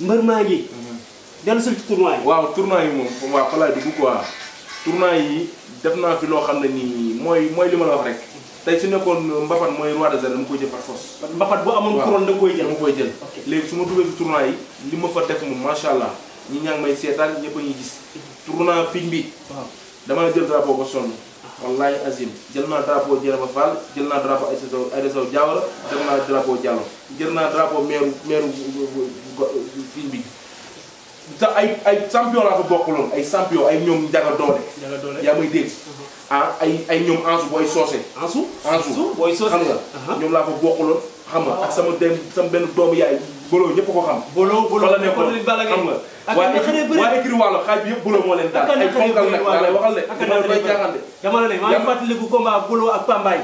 mbër maa ngi. Mhm. dellu si tournoi yi. waaw tournoi yi moom waaw fa laa dugg quoi tournoi yi def naa fi loo xam ne nii mooy mooy li ma la wax rek. tey su nekkoon mbapat mooy roi des arènes dama koy jël par force. mbapat bu amoon couronne da koy jël. dama koy jël léegi su ma duggee si tournoi yi li ma fa def moom macha allah ñi ñaa ngi may seetaan ñëpp a ñuy gis. Mhm. tournoi fiñ bi. waaw damaa jël drapeau ba sonn. wallahi azim jël naa drapeau Dieynaba Fall jël naa drapeau Aïssa Sow Aïda Sow Diawara jël naa drapeau Diallo jël naa drapeau meeru meeru fii bi da ay ay laa fa bokkaloon ay champion ay ñoom njaga doole yaa may dégg uh-huh. ah ay ay ñoom ansu booy soose ansu ansu booy soose xam nga uh-huh. ñoom laa fa bokkaloon xam nga ak sama dem sama benn doomu yaay bolo ñëpp ko xam. bolo bolo la nekkoon xam nga. ak kan la xaaj bi yëpp bolo moo leen daal ay ponkal nag daal waxal de. ak kan la xëy jaaxal de. jamono ne maa ngi fàttaliku combat bolo ak Pambaay.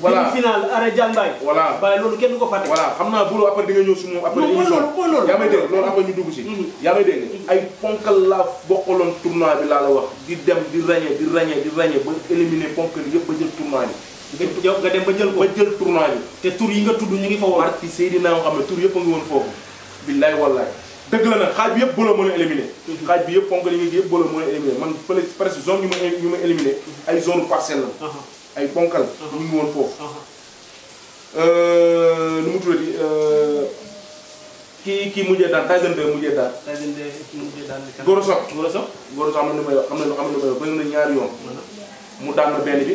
voilà final ara Diambaay. voilà waaye loolu kenn du ko fàtte. voilà xam naa bolo après di nga ñëw su moom après. ñu loolu mooy loolu yaa may dégg loolu après ñu dugg si. Mm-hmm. yaa may dégg ay ponkal laa bokkaloon tournoi bi laa la wax di dem di ràññee di ràññee di ràññee ba éliminer ponkal yëpp ba jël tournoi bi nga nga dem ba jël ko ba jël bi. te tur yi nga tudd ñu ngi fa woon. parti Seydina Mohamed tur yëpp ngi woon foofu. billaay wallaay dëgg la nag xaaj bi yëpp bolo mën a éliminé. Mhm. xaaj bi yëpp ponk li nga yëpp bolo mën a éliminé man fële presque zone yu ma yu ma éliminé. Mhm. ay zone parcelle la. Uh-huh. ay ponkal. Uh-huh. ñu ngi woon foofu. Uh-huh. Euh, nu mu tuddati euh, kii kii mujjee daan Tyson 2 mujjee daan. Tyson 2 mujjee daan Goro Sock. na lu may wax am na lu may wax bëri na daan na benn bi.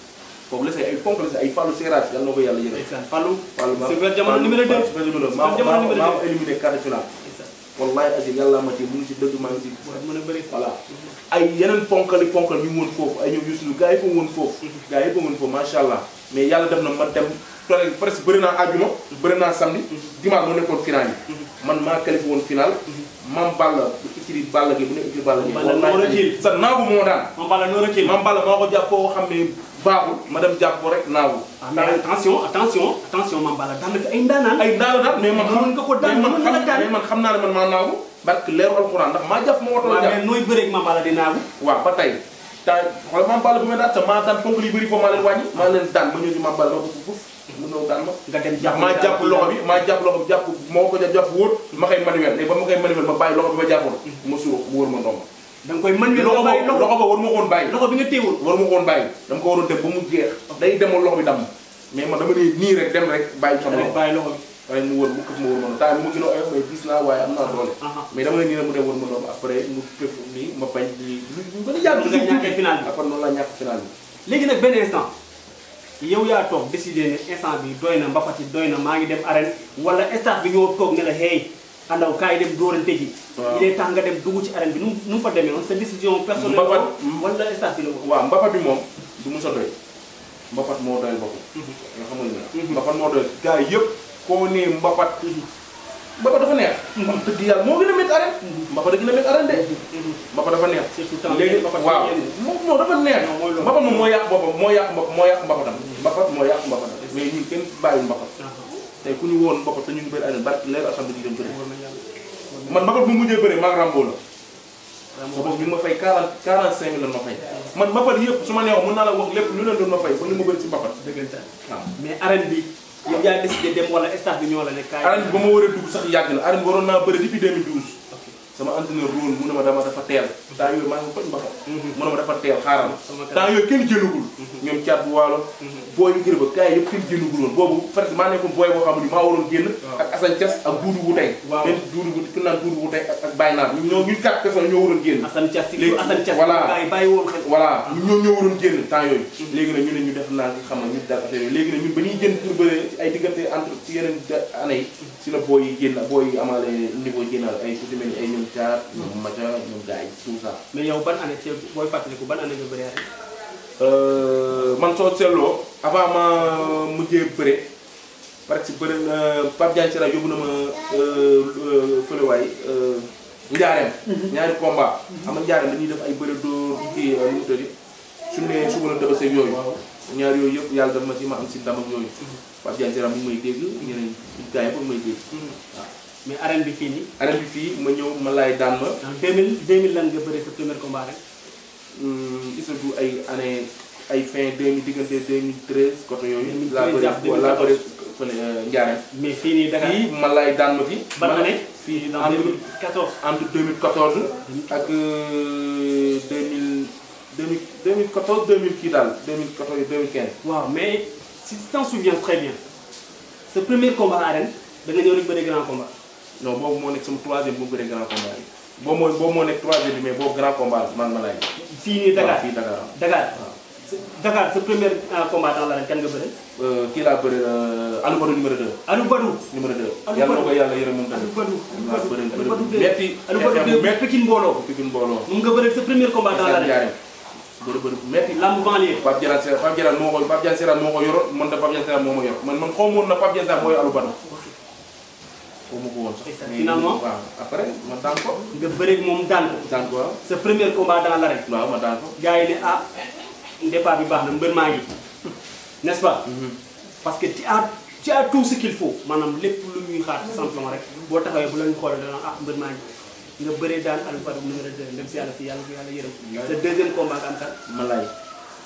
foofu la see ay ponk la see ay Fallou Seras yàlla na ko yàlla yëgal. Fallou Fallou a bëri mhm. yeneen ponkali ponkal ñu woon foofu ay ñoom Youssou gars yi ko woon foofu. Mhm. gars allah. mais yàlla def na ma dem pare presque bëri naa àjjuma. Mhm. bëri naa samedi. dimanche moo nekkoon final yi. man maa qualifié woon final. mam Balla bu écrir Balla gi bu ne écrir Balla gi. Balla sa naagu a daan. mam Balla noo rëccil mam Balla moo ko jàpp foo xam ne baaxul ma dem jàpp rek naagu. Ah, mais attention attention attention mam Balla daan na fi ay ndaanaan. ay ndaanaan daal mais man. mën nga ko daan mën la daan mais man xam naa ne man maa naagu. barke leeru alxuraan ndax maa jàpp moo. waaw mais nooy ma mam Balla di naagu. waaw ba tey xool maam Balla bu ma daan sa maa daan li bëri foofu maa leen wàññi maa leen daan ma ñëw ci maam Balla loxo mu ñëw daan ma nga dem jàpp maa jàpp loxo bi maa jàpp loxo bi jàpp moo ko jàpp wóor ma koy manuel léegi ba ma koy manuel ma bàyyi loxo bi ma jàppoon ma suur mu wóor ma ndomba da koy manuel loxo ba loxo ba loxo bi nga ko mu jeex day loxo bi mais dama rek dem rek sama loxo bi waaye mu wër mu këf ma wër mën a temps bi mu gën a mu dem a après mu këf nii ma bañ li ñu gën nga ñàkk final bi yow yaa toog décidé ne bi doy na mbapat yi doy na maa ngi dem arène wala instant bi ñoo toog ne la hey andaw kaay dem dóorante ji il est nga dem dugg ci arène bi nu nu mu fa demee woon sa décision personnelle mbapat wala instant bi la ko waaw mbapat bi moom du mu sa doy mbapat moo doy bopp mhm. nga xamal ne mhm. mbapat yëpp koo nee mbapat mbapat dafa neex wax dëgg yàlla moo gën a métti arène mbapat da gën a métti arène de mbapat dafa neex léegi waaw moom dafa neex mbapat moom moo yàq boppam moo yàq mbapat moo yàq mbapatam mbapat moo yàq mbapatam mais ñun kenn bàyyi mbapat tey ku ñu woon mbapat te ñu ngi arène barki leer asam di dem bëri man mbapat bu mujjee bëri maa rambo la sa bopp bi ma fay 40 45 mille la ma fay man mbapat yëpp su neex mën naa la wax lépp lu leen doon ma fay ba li ma bëri si mbapat waaw mais arène bi yow yaa décidé dem wala staff bi ñoo la ne kaay. arène bi ba ma war a dugg sax yàgg na arène bi waroon naa bëri depuis 2012. sama entraîneur rôle mu ne ma dama dafa teel. Mhm. temps yooyu ma ngi ko toj ba xam. Mhm. a ne ma dafa teel xaaral. temps yooyu kenn jëlagul. Mhm. ñoom caat waalo. booy yu gërëba gars yi yëpp kenn génn guloon boobu presque maa nekkoon booy boo xam ne maa waroon génn ak Assane Thiass ak Doudou Wutey benn Doudou Wutey ku naan Doudou Wutey ak Baye Naar ñu ñoo ñun quatre personnes ñoo waroon génn Assane Thiass Assane Thiass voilà gars yi bàyyi woon xel voilà ñu ñoo ne def naa xam na ñu dal affaire yooyu léegi nag ñun ba ñuy génn pour bëre ci ay diggante entre ci la booy yi génn booy yi amaale niveau génnal ay ku ci mel ni ay ñoom Thiar ñoom Mathia ñoom gars ban année ci booy fàttaliku ban année nga bëre Euh, man soo seetloo avant ma euh, mujjee bëre parce que bëre na Pape Diagne Sera yóbbu na ma euh, fële waay njaareem mhm. ñaari combat am na njaareem dañuy def ay bëre doo kii lu mu tëri su ne su ma la dëbase yooyu ñaar yooyu yëpp yàlla daf ma ci ma am si ndam ak yooyu mhm. Pape Diagne mu may dégg ñeneen gars yi ba may dégg mhm. waaw mais bi fii nii arène bi fii ma ñëw ma laay daan ma 2000 ah, 2000 lan nga bëre sa premier combat rek Mm, Il ay année ay fin 2013 mille côté la euh, mais fii Dakar 2014 entre 2014 ak 2014 euh, 2015. waaw mais si tu t'en souviens très bien ce premier combat à da nga ñëw rek bëri grand combat. non moi mon nek sama troisième grand combat boo moo boo moo nekk 3 heures mais boo grand combat man ma laay. fii nii Dakar fii Dakar Dakar. Dakar sa premier euh, combat dans l'arène kan nga bëre. Euh, kii laa bëre euh, Alou Badou numéro 2. Alou Badou numéro 2. yàlla na ko yàlla yërëm moom tamit. metti Alou Badou metti Pikine mbooloo. Pikine mbooloo. mu nga bëre sa premier combat dans l'arène. bëri bëri metti lamb banlieue. Pape Diagne Serap Pape Diagne moo ko Pape moo ko yoroon man de Pape moo ma yor man man xaw ma woon na Pape xawma ko woon sax. finalement waaw après ma daan ko. nga bëreeg moom daan ko. daan ko waaw sa premier combat dans l'arène. waaw ma daan ko. gaa yi ne ah départ bi baax na mbër maa ngi nest pas. Mhm. parce que tu as tu as tout ce qu'il faut maanaam lépp lu ñuy xaar simplement rek boo taxawee bu la ñu xoolee dana ah mbër maa ngi nga bëree daan Alioune Fadou numéro 2 dem si yàlla si yàlla ko yàlla yërëm. sa deuxième combat nga am kan. Malaye.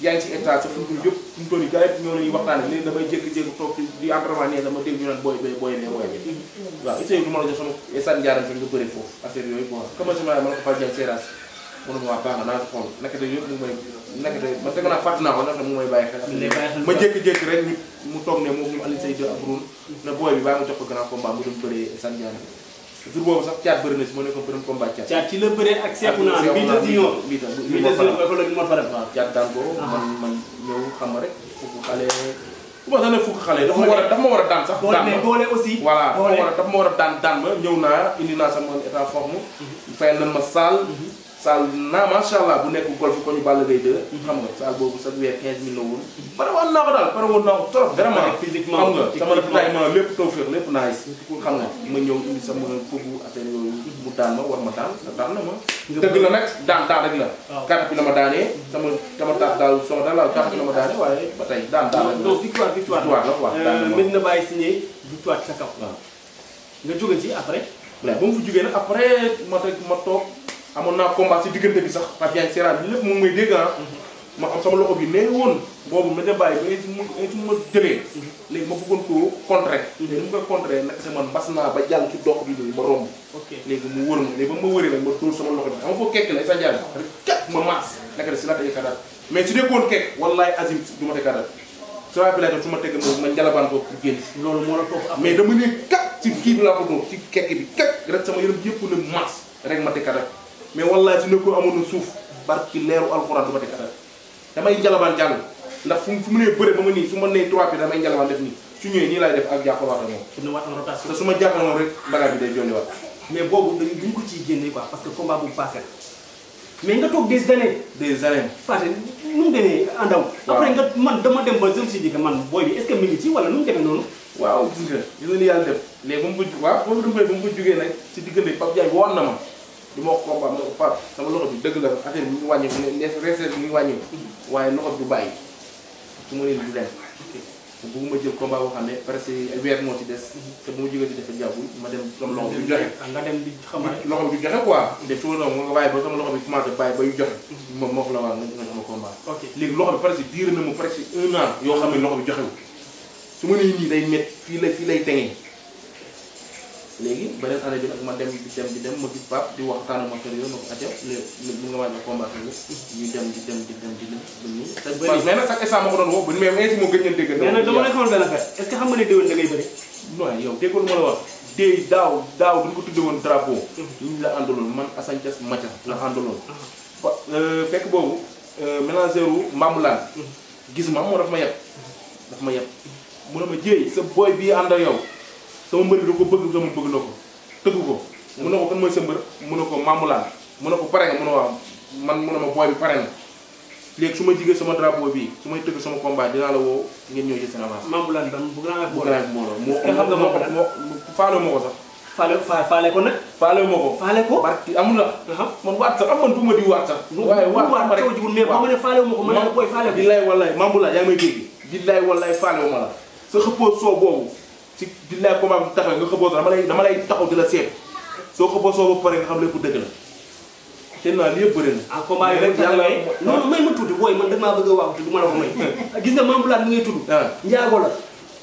yaa ngi ci état sa fuñ yëpp fu nii gars yi ñoo ñuy waxtaanee léegi damay jékki-jékki toog di entraînement nee dama dégg ñu naan booy booy booy booy waaw essayé ma la jox sama sànni njaaram fi affaire yooyu bon commencement ma ne ko Fatou Diagne Seras ma ne ko waa na naa ko xool nekkate yëpp mu may mu may bàyyi xel ma mu toog ne moom ñu Alioune Seye 2 ak Roune ne booy bi jour boobu sax caat bëri na si ma ne ko bërëm combat caat. caat ci la bëree ak seeku naa bi ta si ñoo bi ta bi ta si ñoo école bi moo faram waaw caat daan ko man man ñëw xam nga rek fukk xale bu ma sax fukk xale dafa ma war a dafa ma war a daan sax daan ma doole aussi voilà dafa ma war a daan daan ma ñëw naa indi naa sama état forme mhm. fayal nan ma saal mhm. saal naa macha allah bu nekk golf ko ñu Balla Gaye 2. Mhm. xam nga saal boobu sax weer 15000 la woon. pare woon naa ko daal pare woon naa ko trop. vraiment physiquement xam nga sama ravitaillement lépp taw féex lépp ma ñëw sama fukki affaire yooyu. Mhm. mu daan ma war ma na ma. dëgg la nag daan daan rek la. waaw carte bi ma daanee. Mhm. sama sama taat daal soxna daal carte bi la ma daanee waaye ba tey daan daan rek la. donc victoire victoire la na ma euh, bàyyi signé ba mu fa jógee rek amoon naa combat si diggante bi sax Pape Diagne Serane lépp moom mooy dégg ah. ma am sama loxo bi nee woon boobu ma da bàyyi ba su ma su ma jëlee. léegi ma bëggoon koo contrer. léegi mu ko contrer nag sa man bas ba jàll ci dox bi nii ma romb. ok mu wër ma ba ma wëree nag ma dóor sama loxo bi xam nga foo kekk la sa jàll rek kat ma maas naka de si laa tegee kadaat mais su nekkoon kekk wallaay azim du ma teg kadaat sa bi laa def su ma teg ma ma njalabaan ko pour génn. loolu moo la toog mais dama ne kat ci kii ko dóor ci kekk bi kat rek sama yaram yëpp ne maas rek ma teg kadaat mais wallaay su nekkoo amoon na suuf barki leeru alxuraan du ma su ma nee trois bi damay njalabaan def nii su ñëwee nii laay def ak jàppalaat bi day jonniwaat. mais boobu dañu ko ciy génnee parce que combat bu passé la mais nga toog des années. dama dem ba je me suis dit que man booy bi est ce que mi ngi nu mu demee noonu. waaw gis nga gis yàlla def léegi ba mu ko waaw boobu dama mu ko jugee nag ci diggante Pape Diagne woon na ma du ma wax combat ma par sama loxo bi dëgg la affaire bi ñu wàññi ne reset bi waaye loxo du bàyyi su ma leen du dem ne presque moo ci des te bu ma jógee di defe bi joxe waa ah, nga nga sama combat léegi loxo bi presque diir na mu presque un an yoo xam ne loxo bi joxewu nii day métti fii lay fii lay tengee léegi beneen année bi ma dem di dem di ma gis Pape di waxtaan ma kër yooyu ma ko àjjab léegi mu nga wàññi combat bi ñu dem di dem di dem di dem ba nii. bëri mais nag ma ko doon woo moo ma la wax. déy daaw daaw ko tuddee woon drapeau. Mhm. ñu la àndaloon man Assane Thiès la àndaloon. Mhm. Euh, fekk boobu euh, mélangeur wu Mamou Laan. Mhm. gis ma moo daf ma yeb. daf ma yeb mu ne ma jéey sa booy bii ànd ak yow sama mbër da ko bëgg sama bëgg na ko tëgg ko mun na ko kan sa mbër mun na ko maamulaa mun na ko pare nga mun a man na ma booy bi pare na su ma jigee sama drapeau bi su may tëgg sama combat dinaa woo ngeen ñëw jël seen avance. maamulaa dam bu moo moo xam nga moo ko moo faale moo ko na faale faale ko nag faale ko faale ko barki amul la uh-huh. man waat sax am man duma di waat sax waaye waat pare ma ne faale moo ko man booy faale billaay wallaay maamulaa yaa ngi may dégg billaay wallaay faale ma la sa xëppoo soo boobu si billaay combat bi taxaw nga xëboo dama lay dama lay taxaw di la seet soo xëboo soo ba pare nga xam lépp dëgg la te naa li yëpp bëri na. ah combat yi rek yàlla non may ma tuuti booy man da maa bëgg a waaw te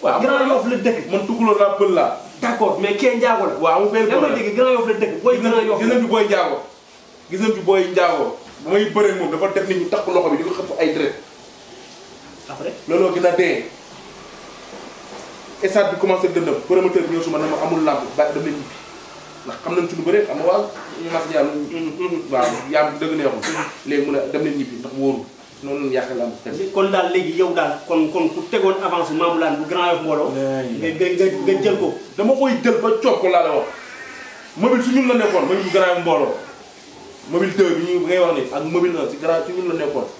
ah. man tukuloo naa pël laa. d'accord mais kee njaago la. waaw amul benn problème da nga dégg Grand Yoff booy gis nañ fi booy njaago gis nañ fi booy njaago may bëri moom dafa def nit ñu takk loxo bi di ko xëpp ay dret après looloo a dee stade bi commencé dëndëm promoteur bi ñëw su ma na ma amul làmb ba dem leen ñibbi ndax xam nañ ci lu bëri am nga waaw ñu mas yàlla waaw yaam dëgg neexul mm. léegi mu ne dem leen ñibbi ndax wóorul noonu lañ yàqee làmb kon daal léegi yow daal kon kon ku tegoon avance Mamou Laan bu Grand Yoff mbooloo nga nga jël ko dama koy jël ba coob ko laa la mobile su ñun la nekkoon mobile bu Grand Yoff mbooloo mobile 2 bi ñu ngay wax ni ak mobile 1 si Grand si ñun la nekkoon